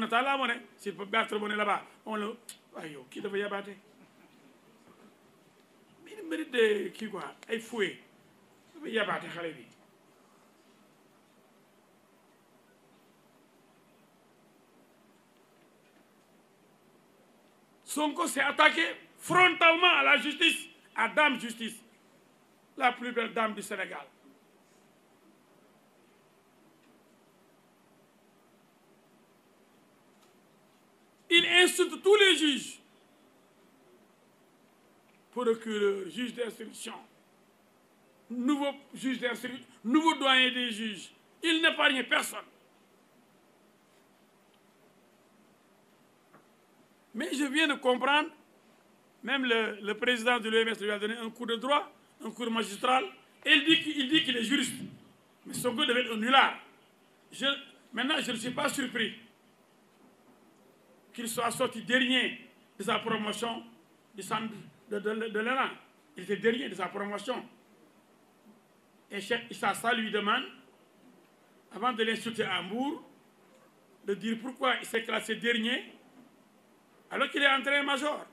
subhanahu wa ta'ala moo ne s'il peut on le waaye yow oh, kii dafa yabaate mais il mérite de kii quoi ay fouet dafa yabaate xale bi Sonko s'est attaqué frontalement à la justice à Dame Justice la plus belle dame du Sénégal insulte tous les juges procureur juge d'instruction nouveau juge d'instruction nouveau doyen des juges il n'épargne personne mais je viens de comprendre même le le président de l'OMS lui a donné un cours de droit un cours magistral il dit qu'il est juriste mais Sonko devait être un nulard je ne suis pas surpris qu'il soit sorti dernier de sa promotion du centre de, de, de, de l'Élan. Il était dernier de sa promotion. Et Cheikh Issa lui demande, avant de l'insulter à Hambourg, de dire pourquoi il s'est classé dernier alors qu'il est entré major.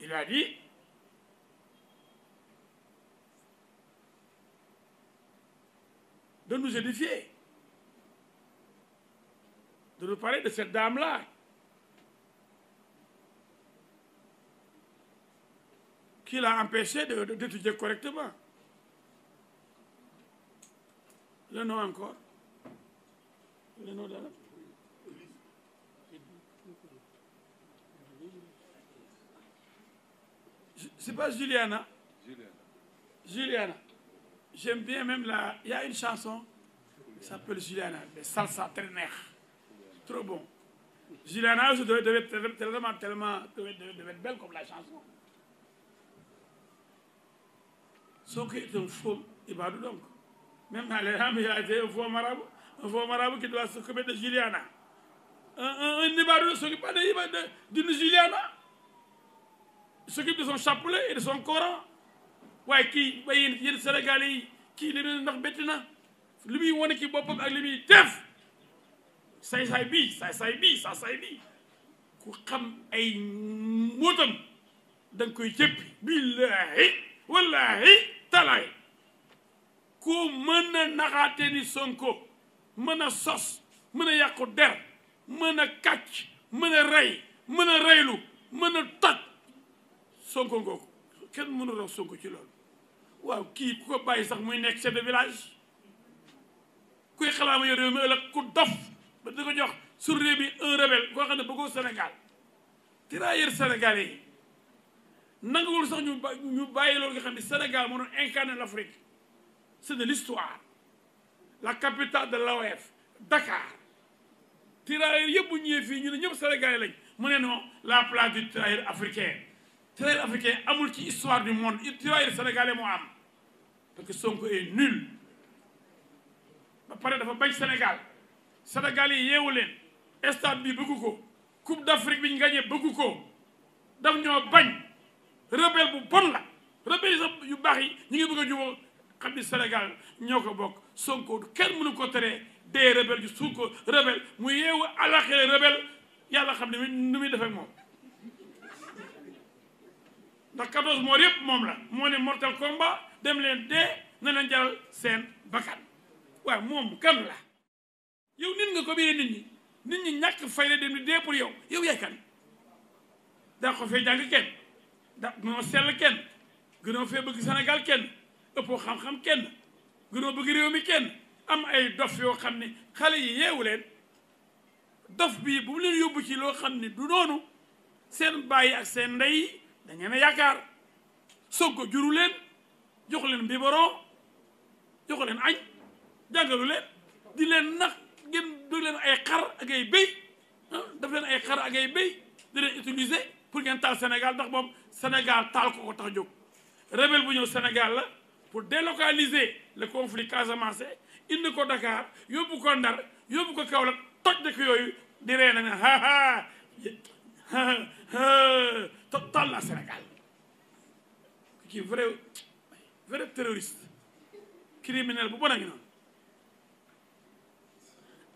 Il a dit de nous édifier. de nous parler de cette dame-là qui l'a empêché d'étudier correctement. Le nom encore Le nom de C'est pas Juliana Juliana. J'aime bien même la... Il y a une chanson s'appelle Juliana, de salsa trop bon. Juliana aussi devait, devait, devait tellement, tellement devait, devait, être belle comme la chanson. Soki est un faux Ibadou donc. Même dans les rames, il y a un faux marabout, un faux marabout qui doit s'occuper de Juliana. Un, un, un Ibadou ne s'occupe pas d'une Juliana. Il s'occupe de son chapelet et de son Coran. waaye kii ba yéen yéen Sénégalais yi kii li leen ndax betti na li muy wane ci boppam ak li muy def say-say bii say-say bii say-say bii ku xam ay mbóotam da koy jëppi billaahi wallaahi talaay koo mën a naxaate ni sonko mën a sos mën a yàqu der mën a kàcc mën a rey mën a reylu mën a toj sonko ngooku kenn mënu raw sonko ci loolu waaw kii ku ko bàyyi sax muy nekk chef de village kuy xalaama yo réew mi ëllëg ku dof ba di ko jox surne bi un rebelle koo xam ne bëggoo Sénégal tirailleur sénégalais yi nanguwul sax ñu ñu bàyyi loolu nga xam ne Sénégal moo doon incarné l'Afrique c'est de l'histoire la capitale de l'AOF Dakar tirailleur yëpp bu ñëwee fii ñu ne ñëpp sénégalais lañ mu ne non la place du tirailleur africain tirailleur africain amul ci histoire du monde tirailleur sénégalais moo am parce que Sonko est nul ba pare dafa bañ Sénégal Sénégal yi yeewu leen stade bi bëggu ko coupe d'Afrique bi ñu gañee bëggu ko daf ñoo bañ rebelle bu bon la rebelle yu baax yi ñu ngi bëgg a jubóo xam ni Sénégal ñoo ko bokk Sonko kenn mënu ko tere dee rebelle ju suul ko rebelle mu yeewu alaxira rebelle yàlla xam ne nu muy defee moom ndax 14 mois yëpp moom la moo ne mortal combat dem leen dee na leen jaral seen bakkan waaye moom kan la yow nit nga ko biiree nit nit ñi ñàkk fay la dem di dee pour yow yow yaay kan daa ko fee jàng kenn daa gënoo sell kenn gënoo fee bëgg senegal kenn ëppoo xam-xam kenn gënoo bëgg réew mi kenn am ay dof yoo xam ne xale yi yeewu leen dof bii bu mu leen yóbbu ci loo xam ne du noonu seen bàyyi ak seen ndey dangeen yaakaar soog ko juru leen jox leen biberon jox leen añ jàngalu leen di leen nax ngeen dog leen ay xar ak ay béy ah, daf leen ay pour ngeen taal Sénégal ndax moom Sénégal taal ko ko tax jóg rebelle bu ñëw Sénégal la pour délocaliser le conflit Casamance indi ko Dakar yóbbu ko Ndar yóbbu ko Kaolack toj dëkk yooyu di ree na ne ha ha taal naa Sénégal kii vrai terroriste criminel bu bon a ngi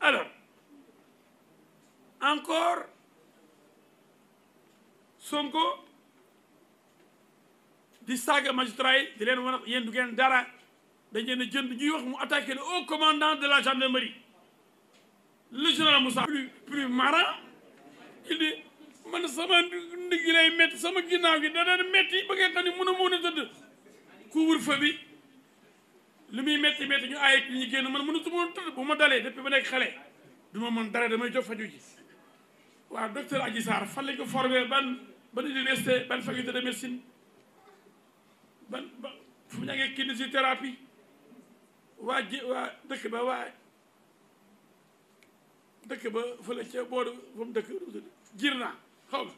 alors encore Sonko di saaga magistrat yi di leen wan yéen du dara dañ jënd ñuy wax mu attaqué le haut commandant de la gendarmerie le général Moussa plus plus marrant il dit man sama ndigg lay métti sama ginnaaw gi da daan métti ba nga xam ne mën a tëdd couvre-feu bi li muy métti métti ñu aaye ñu génn man mënatu ma tëdd bu ma dalee depuis ba nekk xale du ma mën dara damay jóg faju ji waaw docteur Adji Sarr fan ko formé ban ban université ban faculté de médecine ban ba fu mu jàngee kinésithérapie waa ji waa dëkk ba waa dëkk ba fële ca booru fa mu dëkk jir naa